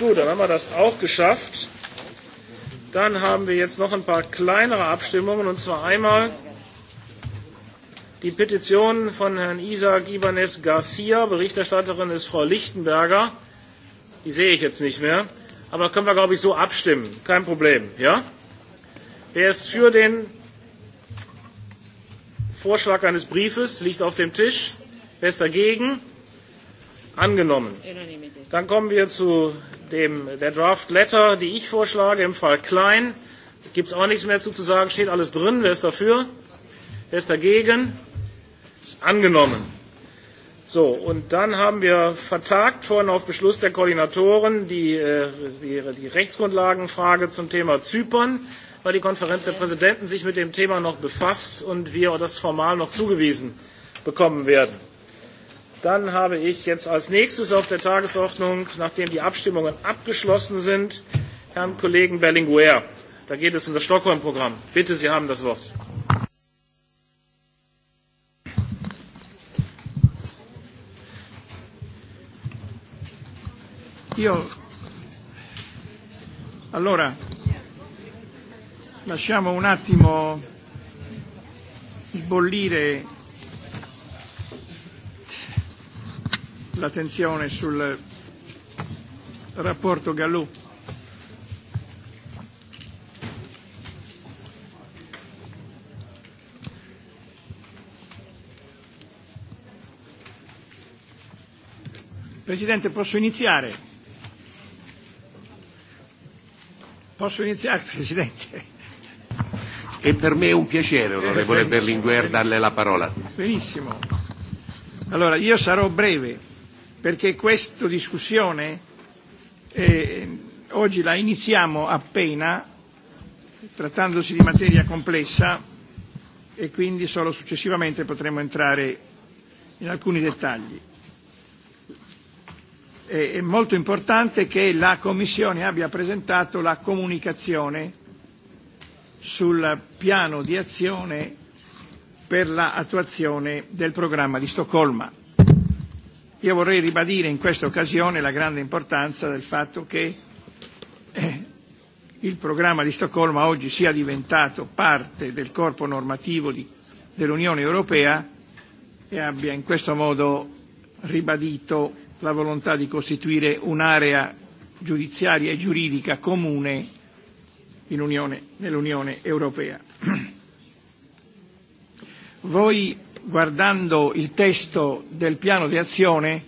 Gut, dann haben wir das auch geschafft. Dann haben wir jetzt noch ein paar kleinere Abstimmungen, und zwar einmal Die Petition von Herrn Isaac Ibanez Garcia, Berichterstatterin ist Frau Lichtenberger. Die sehe ich jetzt nicht mehr. Aber können wir, glaube ich, so abstimmen. Kein Problem. Ja? Wer ist für den Vorschlag eines Briefes? Liegt auf dem Tisch. Wer ist dagegen? Angenommen. Dann kommen wir zu dem, der Draft Letter, die ich vorschlage, im Fall Klein. Gibt es auch nichts mehr zu, zu sagen. Steht alles drin. Wer ist dafür? Wer ist dagegen? Ist angenommen. So, und dann haben wir vertagt vorhin auf Beschluss der Koordinatoren die, äh, die, die Rechtsgrundlagenfrage zum Thema Zypern, weil die Konferenz der Präsidenten sich mit dem Thema noch befasst und wir das formal noch zugewiesen bekommen werden. Dann habe ich jetzt als nächstes auf der Tagesordnung, nachdem die Abstimmungen abgeschlossen sind, Herrn Kollegen Berlinguer. Da geht es um das Stockholm-Programm. Bitte, Sie haben das Wort. Io allora lasciamo un attimo bollire l'attenzione sul rapporto Gallup. Presidente, posso iniziare? Posso iniziare, Presidente? E per me è un piacere, onorevole eh, Berlinguer, darle la parola. Benissimo. Allora, io sarò breve, perché questa discussione eh, oggi la iniziamo appena, trattandosi di materia complessa, e quindi solo successivamente potremo entrare in alcuni dettagli è molto importante che la Commissione abbia presentato la comunicazione sul piano di azione per l'attuazione del programma di Stoccolma. Io vorrei ribadire in questa occasione la grande importanza del fatto che eh, il programma di Stoccolma oggi sia diventato parte del corpo normativo di, dell'Unione Europea e abbia in questo modo ribadito la volontà di costituire un'area giudiziaria e giuridica comune nell'Unione europea. Voi, guardando il testo del piano di azione,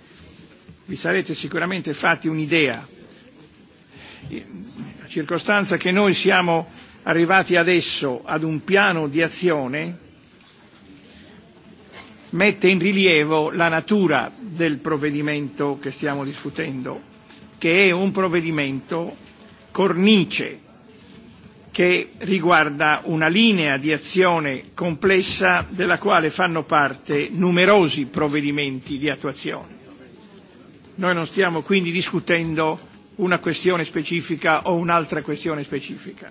vi sarete sicuramente fatti un'idea, la circostanza che noi siamo arrivati adesso ad un piano di azione mette in rilievo la natura del provvedimento che stiamo discutendo, che è un provvedimento cornice che riguarda una linea di azione complessa della quale fanno parte numerosi provvedimenti di attuazione. Noi non stiamo quindi discutendo una questione specifica o un'altra questione specifica.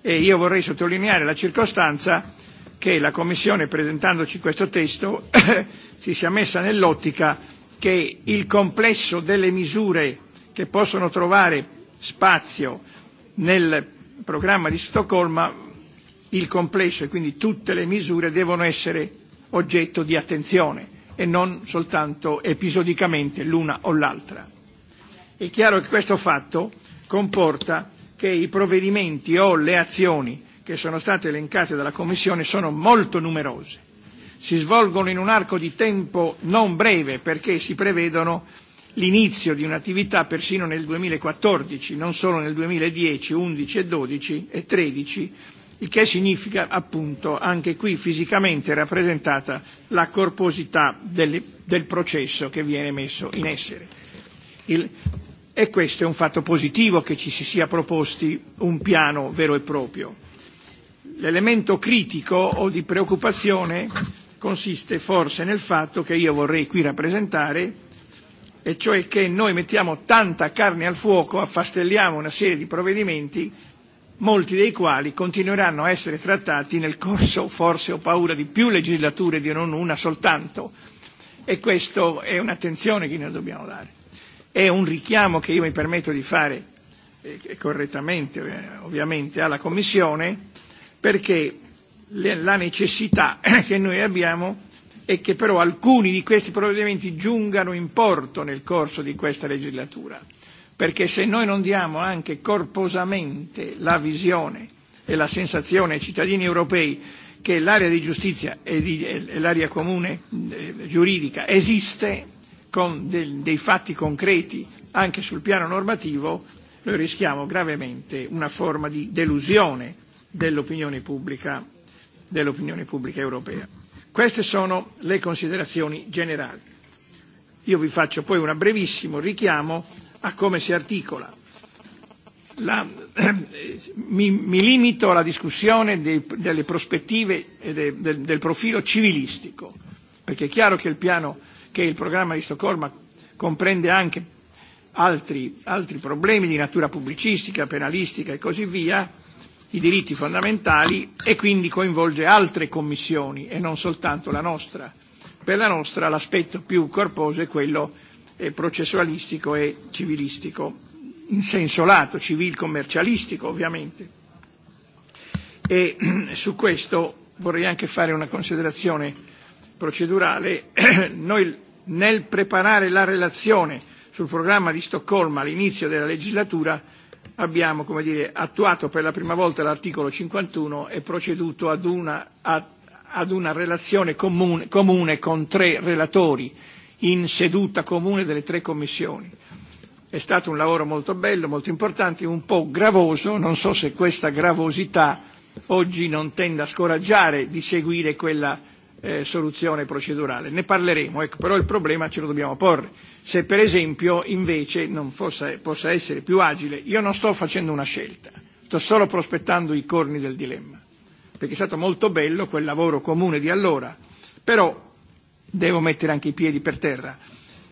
E io vorrei sottolineare la circostanza che la Commissione, presentandoci questo testo, si sia messa nell'ottica che il complesso delle misure che possono trovare spazio nel programma di Stoccolma, il complesso e quindi tutte le misure devono essere oggetto di attenzione e non soltanto episodicamente l'una o l'altra. È chiaro che questo fatto comporta che i provvedimenti o le azioni che sono state elencate dalla Commissione sono molto numerose. Si svolgono in un arco di tempo non breve perché si prevedono l'inizio di un'attività persino nel 2014, non solo nel 2010, 11 e 12 e 13, il che significa appunto anche qui fisicamente rappresentata la corposità del, del processo che viene messo in essere. Il, e questo è un fatto positivo che ci si sia proposti un piano vero e proprio l'elemento critico o di preoccupazione consiste forse nel fatto che io vorrei qui rappresentare, e cioè che noi mettiamo tanta carne al fuoco, affastelliamo una serie di provvedimenti, molti dei quali continueranno a essere trattati nel corso, forse ho paura, di più legislature di non una soltanto. E questa è un'attenzione che noi dobbiamo dare. È un richiamo che io mi permetto di fare eh, correttamente, eh, ovviamente, alla Commissione perché la necessità che noi abbiamo è che però alcuni di questi provvedimenti giungano in porto nel corso di questa legislatura, perché se noi non diamo anche corposamente la visione e la sensazione ai cittadini europei che l'area di giustizia e, e, e l'area comune eh, giuridica esiste con dei fatti concreti anche sul piano normativo, noi rischiamo gravemente una forma di delusione dell'opinione pubblica, dell'opinione pubblica europea. Queste sono le considerazioni generali. Io vi faccio poi un brevissimo richiamo a come si articola. La, mi, mi limito alla discussione dei, delle prospettive e de, del, del profilo civilistico, perché è chiaro che il, piano, che il programma di Stoccolma comprende anche altri, altri problemi di natura pubblicistica, penalistica e così via, i diritti fondamentali e quindi coinvolge altre commissioni e non soltanto la nostra. Per la nostra l'aspetto più corposo è quello eh, processualistico e civilistico, in senso lato, civil-commercialistico ovviamente. E su questo vorrei anche fare una considerazione procedurale. Noi nel preparare la relazione sul programma di Stoccolma all'inizio della legislatura abbiamo come dire, attuato per la prima volta l'articolo 51 e proceduto ad una, ad una relazione comune, comune con tre relatori in seduta comune delle tre commissioni. È stato un lavoro molto bello, molto importante, un po' gravoso, non so se questa gravosità oggi non tenda a scoraggiare di seguire quella eh, soluzione procedurale. Ne parleremo, ecco, però il problema ce lo dobbiamo porre. Se per esempio invece non fosse, possa essere più agile, io non sto facendo una scelta, sto solo prospettando i corni del dilemma, perché è stato molto bello quel lavoro comune di allora, però devo mettere anche i piedi per terra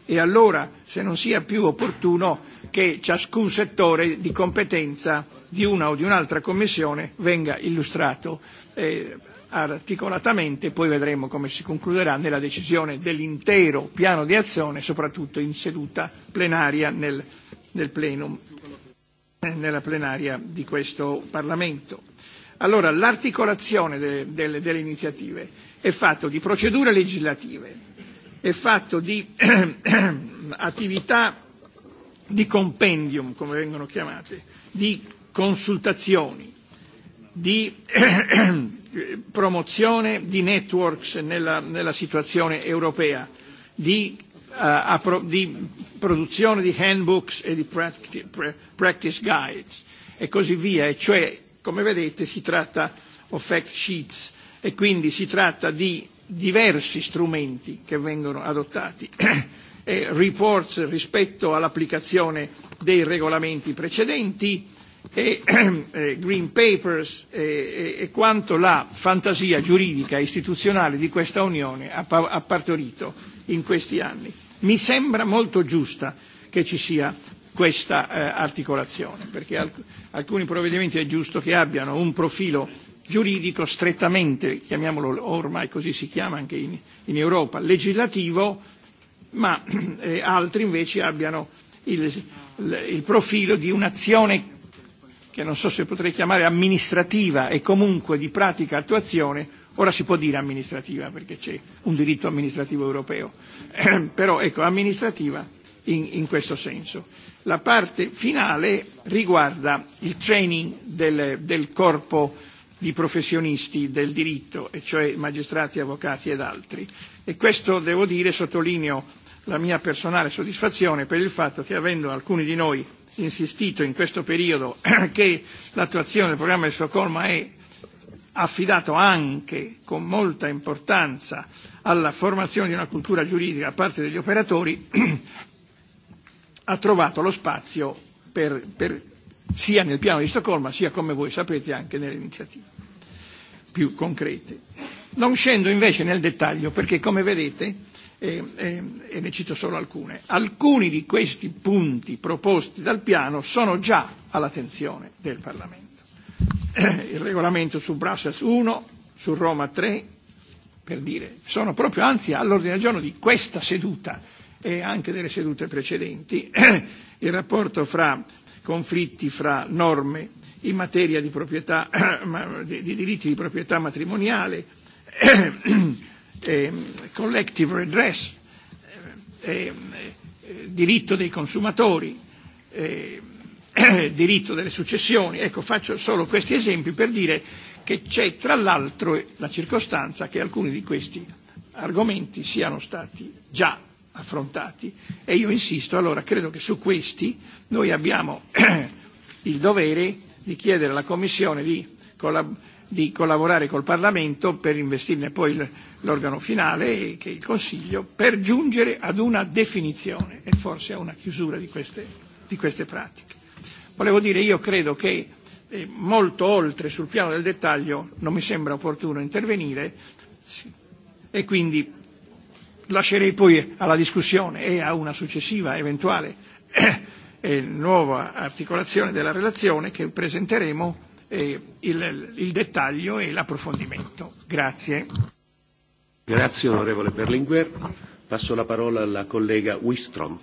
e allora se non sia più opportuno che ciascun settore di competenza di una o di un'altra commissione venga illustrato eh, articolatamente, poi vedremo come si concluderà nella decisione dell'intero piano di azione, soprattutto in seduta plenaria nel, nel plenum, eh, nella plenaria di questo Parlamento. Allora, l'articolazione delle iniziative è fatto di procedure legislative, è fatto di attività di compendium, come vengono chiamate, di consultazioni, di promozione di networks nella, nella situazione europea, di, uh, di produzione di handbooks e di practice guides e così via, e cioè, come vedete, si tratta di fact sheets e quindi si tratta di diversi strumenti che vengono adottati e reports rispetto all'applicazione dei regolamenti precedenti E, e, e, green papers e, e, quanto la fantasia giuridica e istituzionale di questa Unione ha, partorito in questi anni. Mi sembra molto giusta che ci sia questa eh, articolazione, perché alcuni provvedimenti è giusto che abbiano un profilo giuridico strettamente, chiamiamolo ormai così si chiama anche in, Europa, legislativo, ma eh, altri invece abbiano il, il profilo di un'azione che non so se potrei chiamare amministrativa e comunque di pratica attuazione, ora si può dire amministrativa perché c'è un diritto amministrativo europeo, però ecco amministrativa in, in questo senso. La parte finale riguarda il training del, del corpo di professionisti del diritto, e cioè magistrati, avvocati ed altri. E questo, devo dire, sottolineo la mia personale soddisfazione per il fatto che avendo alcuni di noi insistito in questo periodo che l'attuazione del programma di Stoccolma è affidato anche con molta importanza alla formazione di una cultura giuridica da parte degli operatori, ha trovato lo spazio per, per, sia nel piano di Stoccolma sia, come voi sapete, anche nelle iniziative più concrete. Non scendo invece nel dettaglio perché, come vedete, E, e, e ne cito solo alcune. Alcuni di questi punti proposti dal piano sono già all'attenzione del Parlamento. Eh, il regolamento su Brussels 1, su Roma 3, per dire, sono proprio anzi all'ordine del giorno di questa seduta e anche delle sedute precedenti, eh, il rapporto fra conflitti fra norme in materia di, proprietà, eh, di diritti di proprietà matrimoniale, Eh, collective redress, eh, eh, diritto dei consumatori, diritto delle successioni. Ecco, faccio solo questi esempi per dire che c'è tra l'altro la circostanza che alcuni di questi argomenti siano stati già affrontati e io insisto, allora credo che su questi noi abbiamo il dovere di chiedere alla Commissione di, collab- di collaborare col Parlamento per investirne poi il, l'organo finale e che il Consiglio per giungere ad una definizione e forse a una chiusura di queste, di queste pratiche. Volevo dire, io credo che eh, molto oltre sul piano del dettaglio non mi sembra opportuno intervenire sì, e quindi lascerei poi alla discussione e a una successiva eventuale eh, nuova articolazione della relazione che presenteremo eh, il, il dettaglio e l'approfondimento. Grazie. Grazie onorevole Berlinguer. Passo la parola alla collega Wistrom.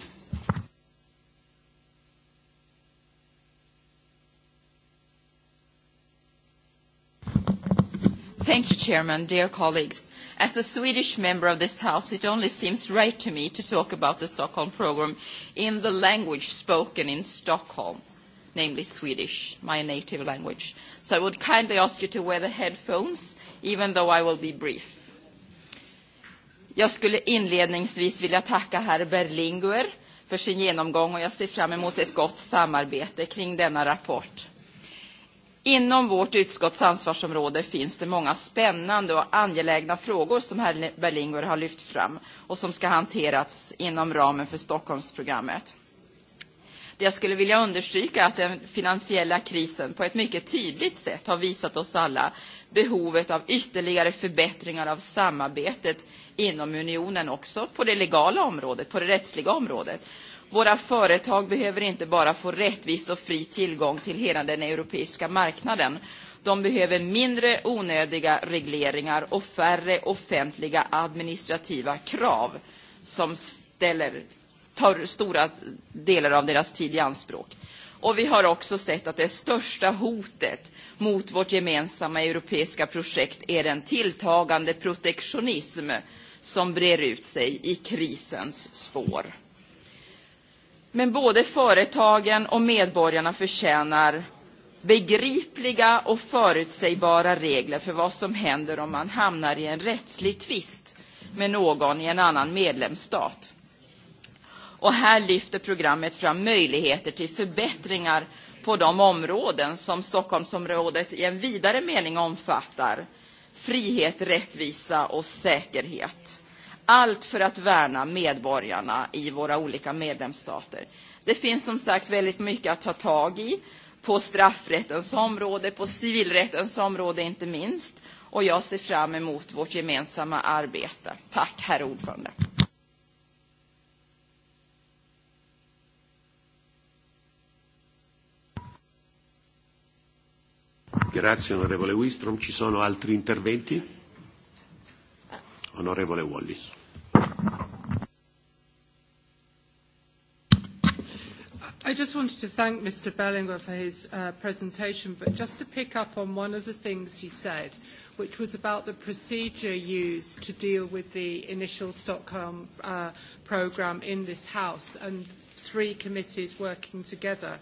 Thank you, Chairman, dear colleagues. As a Swedish member of this House, it only seems right to me to talk about the Stockholm programme in the language spoken in Stockholm, namely Swedish, my native language. So I would kindly ask you to wear the headphones, even though I will be brief. Jag skulle inledningsvis vilja tacka herr Berlinguer för sin genomgång och jag ser fram emot ett gott samarbete kring denna rapport. Inom vårt utskotts ansvarsområde finns det många spännande och angelägna frågor som herr Berlinguer har lyft fram och som ska hanteras inom ramen för Stockholmsprogrammet. Jag skulle vilja understryka att den finansiella krisen på ett mycket tydligt sätt har visat oss alla behovet av ytterligare förbättringar av samarbetet inom unionen också på det legala området, på det rättsliga området. Våra företag behöver inte bara få rättvis och fri tillgång till hela den europeiska marknaden. De behöver mindre onödiga regleringar och färre offentliga administrativa krav som ställer, tar stora delar av deras tid i anspråk. Och vi har också sett att det största hotet mot vårt gemensamma europeiska projekt är den tilltagande protektionism som brer ut sig i krisens spår. Men både företagen och medborgarna förtjänar begripliga och förutsägbara regler för vad som händer om man hamnar i en rättslig tvist med någon i en annan medlemsstat. Och här lyfter programmet fram möjligheter till förbättringar på de områden som Stockholmsområdet i en vidare mening omfattar. Frihet, rättvisa och säkerhet. Allt för att värna medborgarna i våra olika medlemsstater. Det finns som sagt väldigt mycket att ta tag i på straffrättens område, på civilrättens område inte minst. Och jag ser fram emot vårt gemensamma arbete. Tack, herr ordförande. Grazie onorevole Wistrom. Ci sono altri interventi? Onorevole Wallis. I just wanted to thank Mr. Bellinger for his uh, presentation, but just to pick up on one of the things he said, which was about the procedure used to deal with the initial Stockholm uh, programme in this House and three committees working together.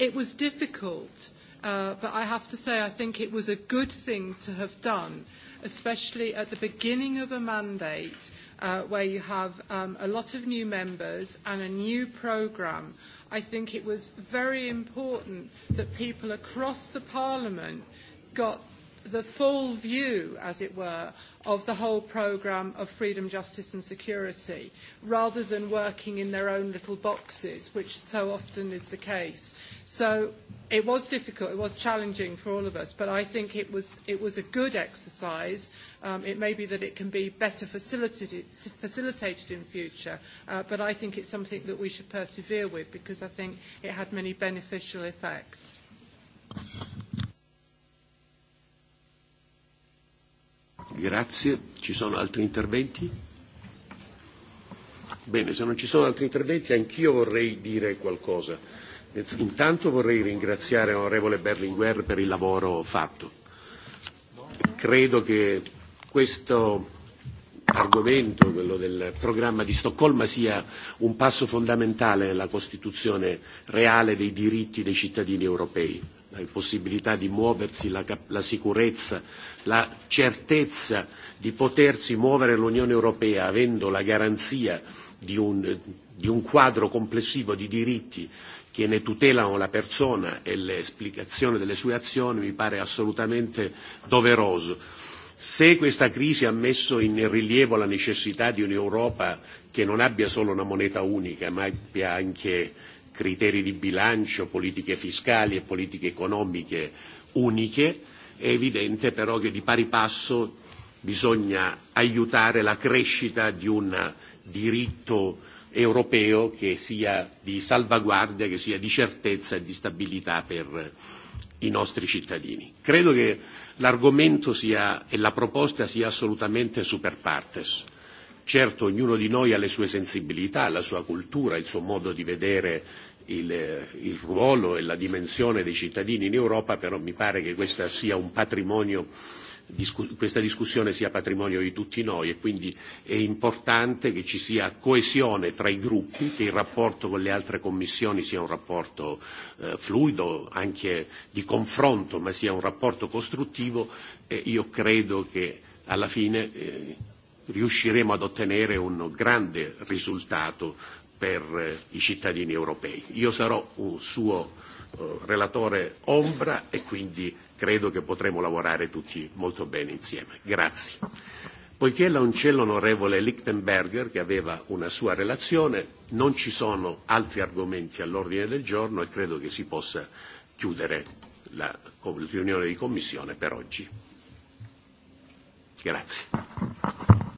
It was difficult Uh, but I have to say, I think it was a good thing to have done, especially at the beginning of a mandate uh, where you have um, a lot of new members and a new programme. I think it was very important that people across the Parliament got the full view, as it were, of the whole programme of freedom, justice and security, rather than working in their own little boxes, which so often is the case. So it was difficult, it was challenging for all of us, but I think it was, it was a good exercise. Um, it may be that it can be better facilitated, facilitated in future, uh, but I think it's something that we should persevere with because I think it had many beneficial effects. Grazie. Ci sono altri interventi? Bene, se non ci sono altri interventi anch'io vorrei dire qualcosa. Intanto vorrei ringraziare l'onorevole Berlinguer per il lavoro fatto. Credo che questo argomento, quello del programma di Stoccolma, sia un passo fondamentale nella costituzione reale dei diritti dei cittadini europei la possibilità di muoversi, la, la sicurezza, la certezza di potersi muovere l'Unione Europea avendo la garanzia di un, di un quadro complessivo di diritti che ne tutelano la persona e l'esplicazione delle sue azioni mi pare assolutamente doveroso. Se questa crisi ha messo in rilievo la necessità di un'Europa che non abbia solo una moneta unica, ma abbia anche criteri di bilancio, politiche fiscali e politiche economiche uniche, è evidente però che di pari passo bisogna aiutare la crescita di un diritto europeo che sia di salvaguardia, che sia di certezza e di stabilità per i nostri cittadini. Credo che l'argomento sia, e la proposta sia assolutamente super partes. Certo, ognuno di noi ha le sue sensibilità, la sua cultura, il suo modo di vedere il, il ruolo e la dimensione dei cittadini in Europa, però mi pare che questa sia un patrimonio questa discussione sia patrimonio di tutti noi e quindi è importante che ci sia coesione tra i gruppi, che il rapporto con le altre commissioni sia un rapporto eh, fluido, anche di confronto, ma sia un rapporto costruttivo e io credo che alla fine eh, riusciremo ad ottenere un grande risultato per eh, i cittadini europei. Io sarò un suo eh, relatore ombra e quindi credo che potremo lavorare tutti molto bene insieme. Grazie. Poiché la un onorevole Lichtenberger, che aveva una sua relazione, non ci sono altri argomenti all'ordine del giorno e credo che si possa chiudere la riunione di commissione per oggi. Grazie.